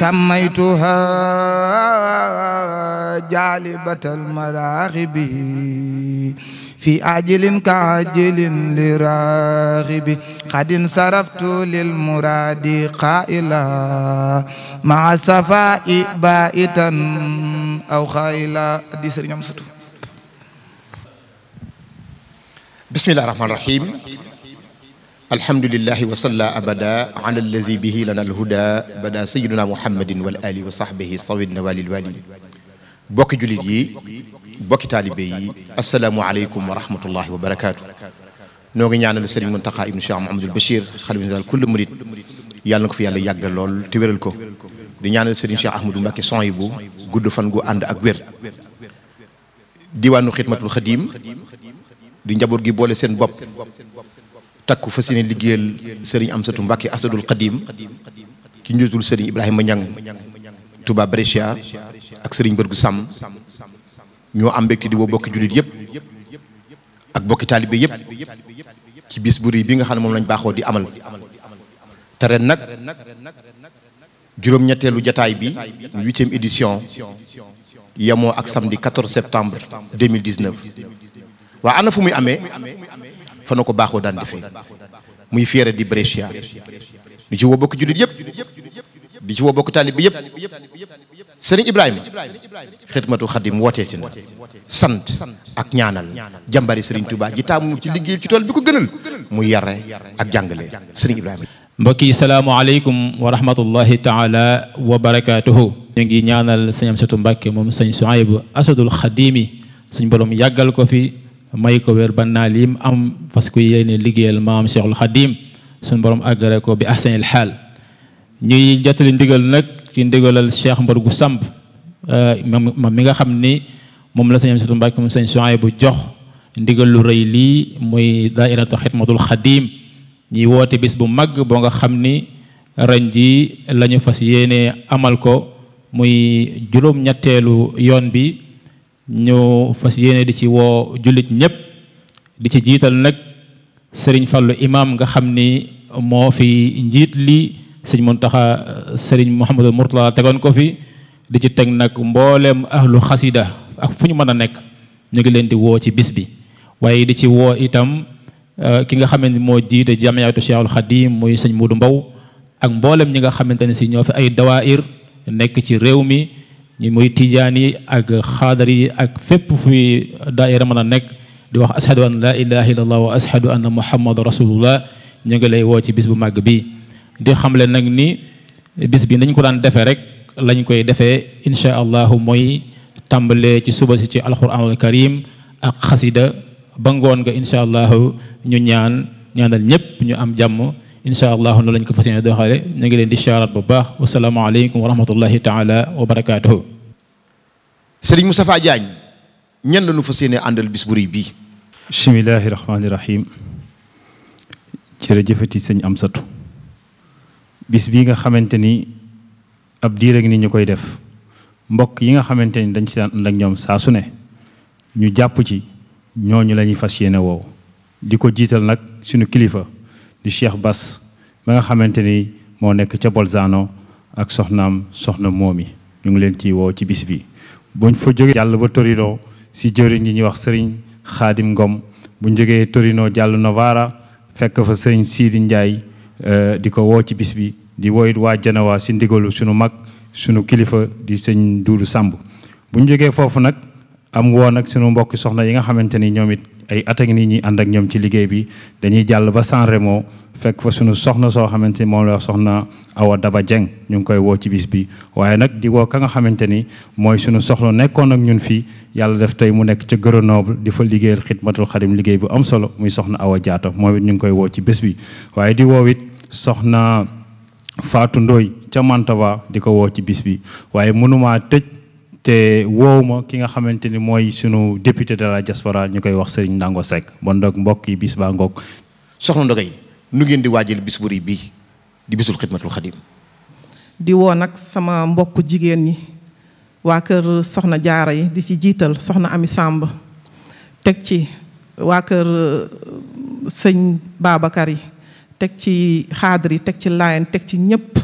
سميتها جالبة المراغب في عاجل كعجل لراغب قد انصرفت للمراد قائلا مع صفاء بائتا أو خائلا بسم الله الرحمن الرحيم الحمد لله وصلى أبدا على الذي به لنا الهدى بدا سيدنا محمد والآل وصحبه صوين والي الوالي بوك جليدي بوك تالبي السلام عليكم ورحمة الله وبركاته نوغي نعنى لسليم منتقى ابن شاء محمد البشير خلو نزال كل مريد يالنك في يالي يقل لول تبير الكو دي نعنى لسليم شاء أحمد مكي صعيبو قد فنقو عند أكبر ديوانو خدمة الخديم دي نجابور جيبولي سين بوب takku fas liggeel serigne amsatou Amsatu Asadul qadim ki njiitul serigne ibrahim mañang Touba Brescia ak serigne bergu sam ño am mbégte di wo bokk julit yëpp ak bokki taalibe yëpp ci bis bu bi nga xamne mom lañ baxo di amal tare nak nag ñettelu jotaay bi 8e édition yamo ak samedi 14 septembre 2019 wa ana fumuy amé fa na ko baaxoo daan defee muy fiere di Brescia di ci wo bokk julit yeb di ci wo bokk talib yeb serigne ibrahim khidmatu khadim wote ci na sant ak ñaanal jambari serigne Touba ji tamu ci liggéey ci tol bi ko gënal muy yare ak jangale serigne ibrahim mbokki assalamu alaykum wa rahmatullahi taala wa barakatuh ngi ñaanal serigne Amsatu mbake mom serigne Suaybu asadul khadimi serigne borom yagal ko fi. may ko wér ba am parce que yéene liggéeyal maam Cheikhul Khadim sun borom àggale ko bi ahsanil Hal ñuy jottali ndigal nag ci ndigalal Cheikh Mbar gu Samb ma mi nga xam ni moom la sëñ Amsatu Mbàkke moom sëñ Suhaybu jox ndigal lu rëy lii muy daairatu xidmatul Khadim ñuy woote bis bu mag boo nga xam ni ren ji fas yéene amal ko muy juróom-ñetteelu yoon bi ñëw fas yéene di ci woo jullit ñépp di ci jiital nag sëriñ Fallou imam nga xam ni moo fi njiit li sëñ Muntaxa sëriñ Mouhamadul Mourtala tegoon ko fi di ci teg nag mboolem ahlu xasida ak fu ñu mën a nekk ñu leen di woo ci bis bi waaye di ci woo itam euh, ki nga xamante moo jiite jamiatu Cheikhul Xadim muy sëñ Muudu Mbow ak mboolem ñi nga xamante ne si ñoo fi ay dawaayir nekk ci réew mi ñi muy tijani ak xaadar ak fep fi daaira mana nek di wax ashadu an la ilaha illallah wa ashadu anna muhammad rasulullah ñu ngi lay wo ci bis bu mag bi di xamle nak ni bis bi nañ ko daan defé rek lañ koy defé insha allah moy tambalé ci suba ci alquran al karim ak khasida bangon insha allah ñu ñaan ñaanal ñepp ñu am jamm incha allah noonu lañ ko fas yéene doxale ñu ngi leen di chaaraat bu baax wasalaamaaleykum wa rahmatullahi taala wa barakaatuhu. Serigne Moustapha Diagne ñan la ñu fas yéene àndal bis bu rëy bii. bisimilahi rahmaani rahim jërëjëfati sëñ bis bii nga xamante ni ab diir ak ni ñu koy def mbokk yi nga xamante ni dañ ci daan ànd ñoom saa su ne ñu jàpp ci ñooñu lañuy fas yéene woow di ko jiital nag suñu kilifa. di Cheikh Bass ba nga xamante ni moo nekk ca Bolzano ak soxnaam soxna moom yi ñu ngi leen ciy woo ci bis bi buñ fa jógee jàll ba Torino si jëriñ yi ñuy wax sëriñ Xaadim Ngom bu jógee Torino jàll Novara fekk fa sëriñ Sidi Ndiaye euh, di ko woo ci bis bi di woyit waa Janawa si ndigalu sunu mag sunu kilifa di sëñ Duudu Sàmb buñ jógee foofu nag am woon ak sunu mbokki soxna yi nga xamante ni ñoom it ay at ak nit ñi ànd ak ñoom ci liggéey bi dañuy jàll ba San Remo fekk fa sunu soxna soo xamante ni moom la wax soxna Awa Daba jeng ñu ngi koy woo ci bis bi waaye nag di woo ka nga xamante ni mooy sunu soxla nekkoon ak ñun fii yàlla def tey mu nekk ca Grenoble di fa liggéeyal xidmatul xadim liggéey bu am solo muy soxna Awa Diatta moom it ñu ngi koy woo ci bés bi waaye di woo it soxna Fatou Ndoye ca Mantova di ko woo ci bis bi waaye mënumaa tëj te woow ma ki nga xamante ni mooy sunu député de la diaspora ñu koy wax Serigne Ndango Seck bon donc mbokk yi bis baa ngoog soxna Ndogay nu ngeen di waajal bis bu rëy bii di bisul xidmatul xadim di woo nag sama mbokk jigéen ñi waa kër soxna jaara yi di ci jiital soxna ami sàmb teg ci waa kër euh, sëñ Babacar yi teg ci xaadir yi teg ci laayen teg ci ñépp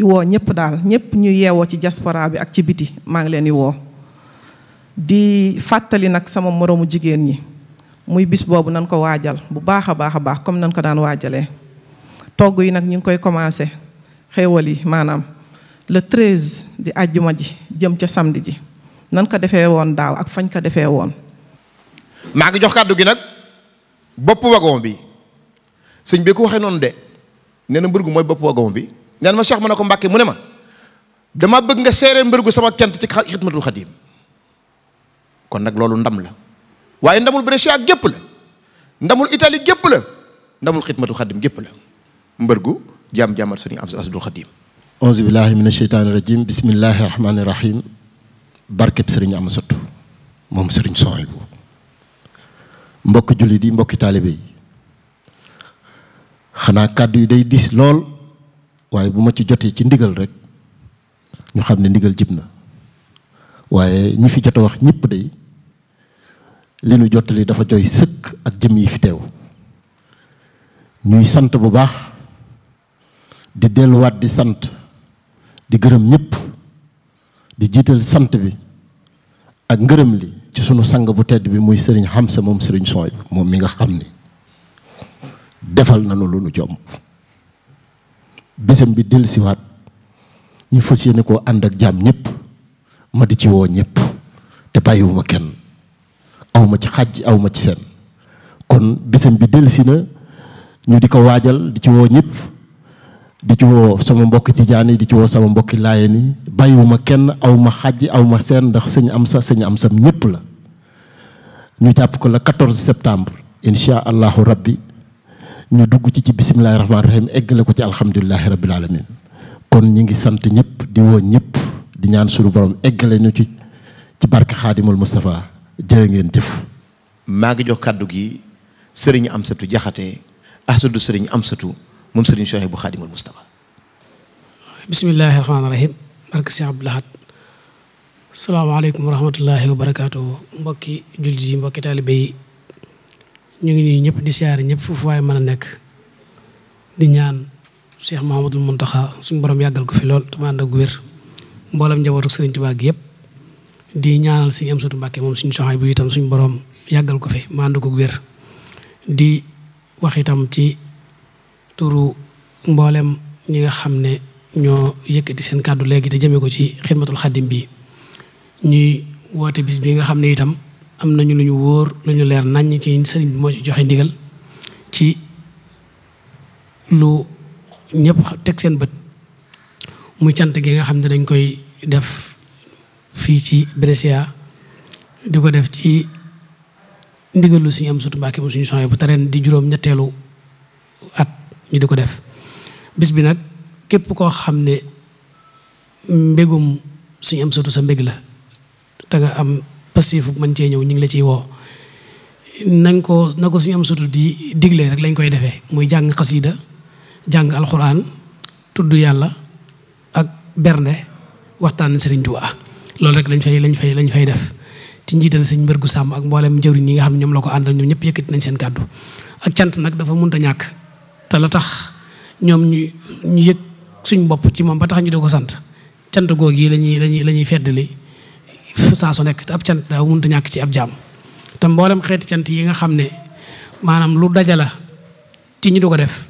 di woo ñëpp daal ñëpp ñu yeewoo ci diaspora bi ak ci biti maa ngi leen di woo di fàttali nag sama moroomu ñi muy bis boobu nan ko waajal bu baax a baax comme nan ko daan waajalee togg yi nag ñu koy commencé le 13 di àjjuma ji jëm ca samedi ji nan ko defee woon daaw ak fañ ko defee woon maa ngi jox kàddu gi nag bopp wagon bi sëñ bi ko wagon bi neen ma cheikh ma ne munema dama bëgg nga séré mbërgu sama kent ci khidmatul khadim kon nak lolu ndam la waye ndamul Brescia gep la ndamul itali gep la ndamul khidmatul khadim gep la mbërgu jam jamar suñu am asdul khadim auzu billahi minash rajim Bismillahirrahmanirrahim. rahmanir rahim barke serigne am moom mom serigne mbokki jullit yi mbokki taalibe yi xanaa day dis lol. waaye bu ma ci jotee ci ndigal rek ñu xam ne ndigal jib na waaye ñu fi jot a wax ñépp day li nu li dafa jooy sëkk ak jëm yi fi teew ñuy sant bu baax di delluwaat di sant di gërëm ñépp di jiital sant bi ak ngërëm li ci sunu sang bu tedd bi muy sëriñ xam sa moom sëriñ Sooy moom mi nga xam ni defal nanu lu nu jomb bisam bi del wat ñu fassiyene ko and ak jam ñep ma di ci wo ñep te bayiwuma kenn awma ci xajj awma ci sen kon bisam bi del ci na ñu diko wajal di ci wo ñep di ci wo sama mbokk ci jani di ci wo sama mbokk laaye ni bàyyiwuma kenn awma xajj awma sen ndax señ am sa señ am sam ñep la ñu japp ko le 14 septembre insha allahu rabbi ñu dugg ci ci bisimilahi rahmaani rahim eggale ko ci alhamdulilahi rabil alamin kon ñi ngi sant ñëpp di woo ñëpp di ñaan suñu borom eggale ñu ci ci barke xaadimul Moustapha jërë ngeen jëf. maa ngi jox kàddu gi sëriñ Amsatu Jaxate ahsadu sëriñ Amsatu moom sëriñ Souhaïbou xaadimul Moustapha. bisimilahi rahmaani rahim barke si Abdou Lahad salaamaaleykum wa rahmatullahi wa barakaatu mbokki jullit yi mbokki taalibe ñu ngi nii ñëpp di siyaare ñëpp foofu waaye mën a nekk di ñaan Cheikh mun Muntaxa suñu borom yàggal ko fi lool te mu ànd ak wér mboolem njabootu Sëriñ Tuubaa gi yëpp di ñaanal suñu am sutu Mbàkke moom suñu soxaay bu itam suñu borom yàggal ko fi mu ànd ko wér di wax itam ci turu mboolem ñi nga xam ne ñoo yëkkati seen kàddu léegi te jëmee ko ci xidmatul xaddim bi ñuy woote bis bi nga xam ne itam am nañu lu ñu wóor lu ñu leer nañ ci sëriñ bi moo ci joxe ndigal ci lu ñëpp teg seen bët muy cant gi nga xam ne dañ koy def fii ci Brescia di ko def ci ndigal lu am sutu Mbàkke mu suñu soxee bu tareen di juróom ñetteelu at ñu di ko def bis bi nag képp koo xam ne mbégum suñu am sutu sa mbég la te nga am passif man cee ñëw ñu ngi la ciy woo nañ ko na ko suñu am sutu di digle rek lañ koy defee muy jàng xasida jàng alquran tudd yàlla ak berne waxtaan sëriñ dua loolu rek lañ fay lañ fay lañ fay def ci njiital sëñ mbër sàmm ak mboolem jëwriñ yi nga xam ne ñoom la ko àndal ñoom ñëpp yëkkati nañ seen kàddu ak cant nag dafa munta ñàkk te la tax ñoom ñu ñu yëg suñ bopp ci moom ba tax ñu di ko sant cant googu yi lañuy lañuy la feddali saa su nekk te ab cant daa mënut a ñàkk ci ab jàmm te mboolem xeeti cant yi nga xam ne maanaam lu dajala ci ñu du ko def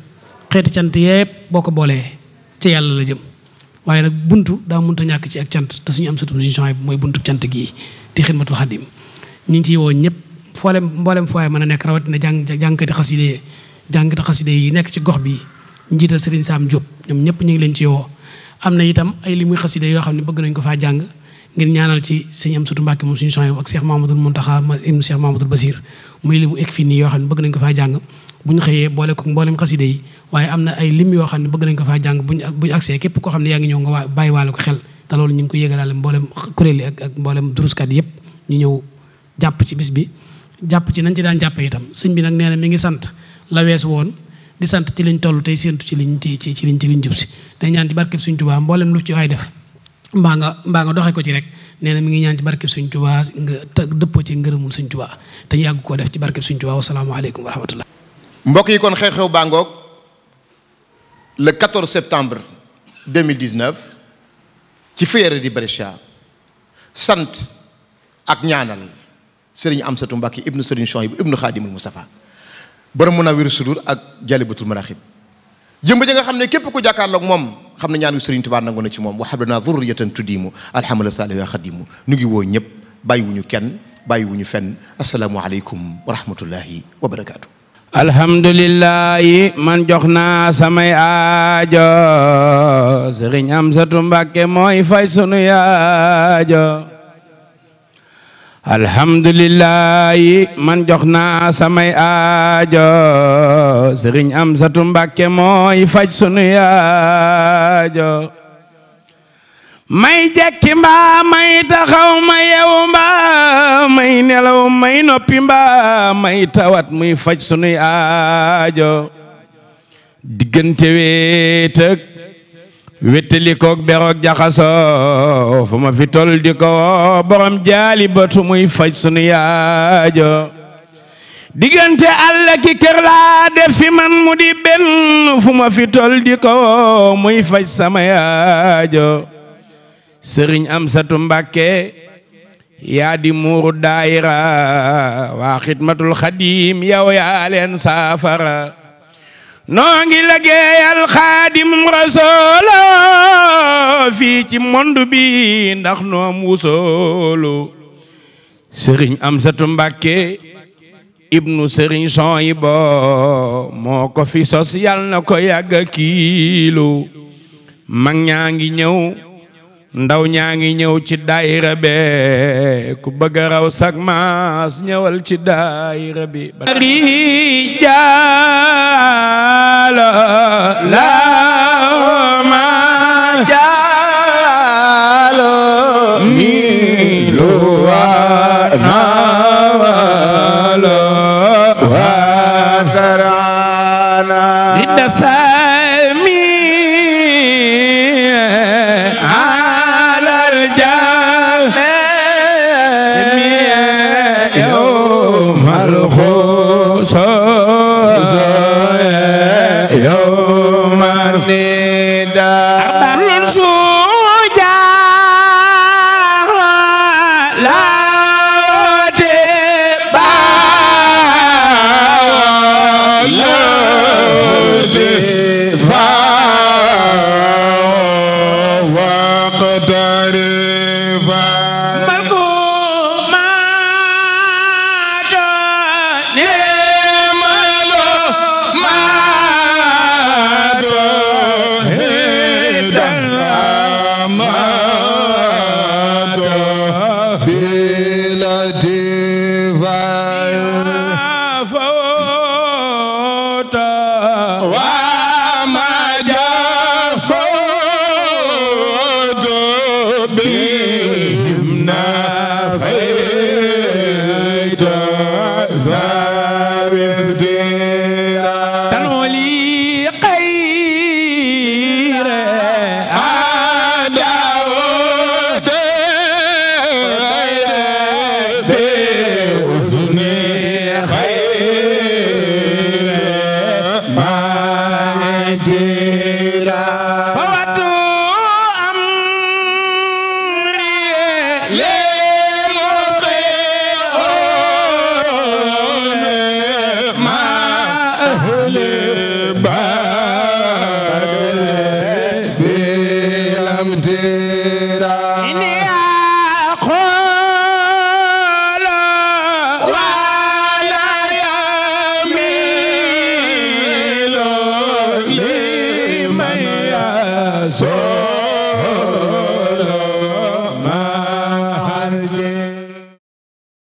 xeeti cant yëpp boo ko boolee ca yàlla la jëm waaye nag buntu daa mun a ñàkk ci ak cant te ñu am sutum suñu soxna mooy buntu cant gii di xidmatul xadim ñu ngi ciy woo ñëpp foolem mboolem fooy mën a nekk rawatina jàng jàngkati xaside yi jàngkati xaside yi nekk ci gox bi njiital Serigne Sam Diop ñoom ñëpp ñu ngi leen ci woo am na itam ay li muy xaside yoo xam ne bëgg nañ ko faa jàng ngir ñaanal ci sëñ Amsatu Mbàkke moom suñu soxna ak Cheikh Mamadou Muntaxa ibnu Cheikh Mamadou Basir muy li xam ne bëgg nañ ko faa jàng bu ñu boole ko mboolem xaside yi waaye am na ay lim yoo xam ne bëgg nañ ko faa jàng buñu buñu agsee képp xam ne yaa ngi ñëw nga bàyyi waale ko xel te loolu ñu ngi ko yégalaale mboolem kuréel yi ak mboolem duruskat yëpp ñu ñëw jàpp ci bis bi jàpp ci nañ ci daan jàppe itam sëñ bi nag nee na mi ngi sant la wees woon di sant ci liñ toll tey séentu ci liñ ci ci liñ ci liñ jub si te ñaan ci barkeb suñ Tuubaa lu ci waay def mbaa nga mbaa nga doxee ko ci rek nee na mi ngi ñaan ci barkeb Sëriñ Tuubaa nga dëppoo ci ngërëmul Sëriñ Tuubaa te ñu yàgg koo def ci barkeb Sëriñ Tuubaa wasalaamaaleykum wa rahmatullah mbokk yi kon xew-xew baa ngoog le 14 septembre ci Fiera di Brescia sant ak ñaanal Serigne Amsatou Mbacké ibnu Serigne Chouaïb ibnu Khadimul Moustapha a Munawwirus Sudur ak Jalibatul Maraxib jëmb ji nga xam ne képp ku jàkkaarloog moom xamna na ñaanu Serigne Touba nangu na ci mom waxab lanaa zurriyatan tuddiimu alhamdulilah saalih yaa xadimu ñu ngi woo ñëpp bàyyiwuñu kenn bàyyiwuñu fenn assalamu alaykum wa rahmatullahi wa barakaatu. alhamdulilahi man jox naa samay aajo Serigne Amsatou Mbacké mooy fay sunu yaajo. alhamdulillahi man jox naa samay aajo sëriñ Amsatu Mbàkke mooy faj sunu yaajo may jekki mbaa may taxaw ma yeewu mbaa may nelaw may noppi mbaa may tawat muy faj sunuy aajo diggante wéetëg wettali koog beroog jaxasoo fu ma fi tol di ko woo borom jaali batu muy faj sunu diggante àll ki kër def fi man mu di benn fu ma fi tol di ko muy faj sama yaajo sëriñ am satu mbàkke yaa di muuru daayira waa xidmatul xadiim yow yaa leen saafara noo ngi liggéeyal xaadim rasoolo fii ci monde bi ndax noom wusoolu am setu Mbàkke ibnu sëriñ son yi bo moo ko fi sos yal na ko yàgg kiilu mag ñaa ngi ñëw ndaw ñaa ngi ñëw ci daayira be ku bëgg raw sak maas ñëwal ci daayira bi rijaalo la ma